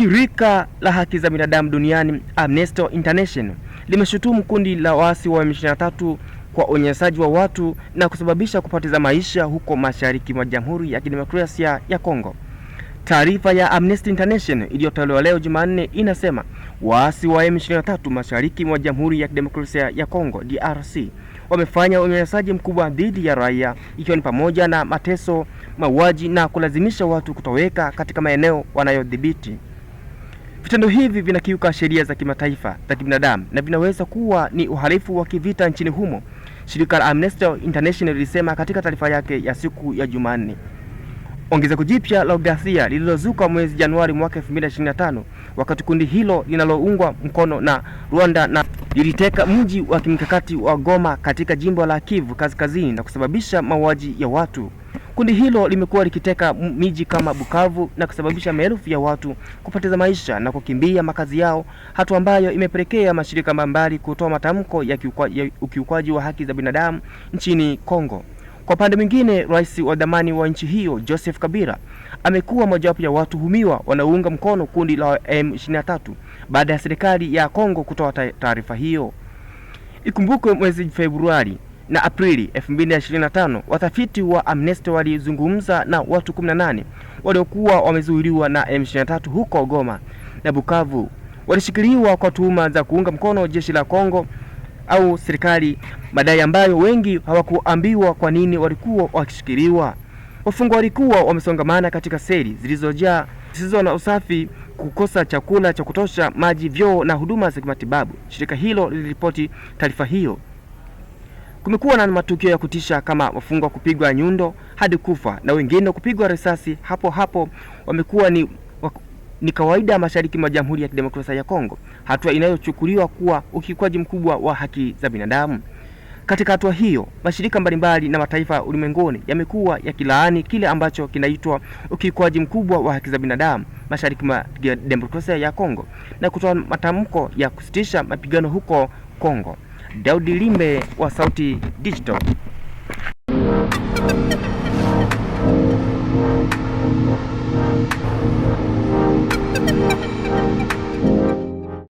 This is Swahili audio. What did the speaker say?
Shirika la haki za binadamu duniani Amnesty International limeshutumu kundi la waasi wa M23 kwa unyanyasaji wa watu na kusababisha kupoteza maisha huko mashariki mwa Jamhuri ya Kidemokrasia ya Kongo. Taarifa ya Amnesty International iliyotolewa leo Jumanne inasema waasi wa M23 mashariki mwa Jamhuri ya Kidemokrasia ya Kongo DRC wamefanya unyanyasaji mkubwa dhidi ya raia ikiwa ni pamoja na mateso, mauaji na kulazimisha watu kutoweka katika maeneo wanayodhibiti. Vitendo hivi vinakiuka sheria za kimataifa za kibinadamu na vinaweza kuwa ni uhalifu wa kivita nchini humo, shirika la Amnesty International lilisema katika taarifa yake ya siku ya Jumanne. Ongezeko jipya la ghasia lililozuka mwezi Januari mwaka 2025 wakati kundi hilo linaloungwa mkono na Rwanda na liliteka mji wa kimkakati wa Goma katika jimbo la Kivu Kaskazini na kusababisha mauaji ya watu Kundi hilo limekuwa likiteka miji kama Bukavu na kusababisha maelfu ya watu kupoteza maisha na kukimbia makazi yao, hatua ambayo imepelekea mashirika mbalimbali kutoa matamko ya, ya ukiukwaji wa haki za binadamu nchini Kongo. Kwa upande mwingine, rais wa zamani wa nchi hiyo Joseph Kabila amekuwa mojawapo ya watuhumiwa wanaounga mkono kundi la M23 baada ya serikali ya Kongo kutoa taarifa hiyo. Ikumbukwe mwezi Februari na Aprili 2025 watafiti wa Amnesty walizungumza na watu 18 waliokuwa wamezuiliwa na M23 huko Goma na Bukavu. Walishikiliwa kwa tuhuma za kuunga mkono jeshi la Kongo au serikali, madai ambayo wengi hawakuambiwa kwa nini walikuwa wakishikiliwa. Wafungwa walikuwa wamesongamana katika seli zilizojaa, zisizo na usafi, kukosa chakula cha kutosha, maji, vyoo na huduma za kimatibabu. Shirika hilo liliripoti taarifa hiyo. Kumekuwa na matukio ya kutisha kama wafungwa kupigwa nyundo hadi kufa na wengine kupigwa risasi hapo hapo, wamekuwa ni, ni kawaida mashariki mwa Jamhuri ya Kidemokrasia ya Kongo, hatua inayochukuliwa kuwa ukiukwaji mkubwa wa haki za binadamu. Katika hatua hiyo, mashirika mbalimbali na mataifa ulimwenguni yamekuwa yakilaani kile ambacho kinaitwa ukiukwaji mkubwa wa haki za binadamu mashariki mwa demokrasia ya Kongo na kutoa matamko ya kusitisha mapigano huko Kongo. Daudi Limbe wa Sauti Digital.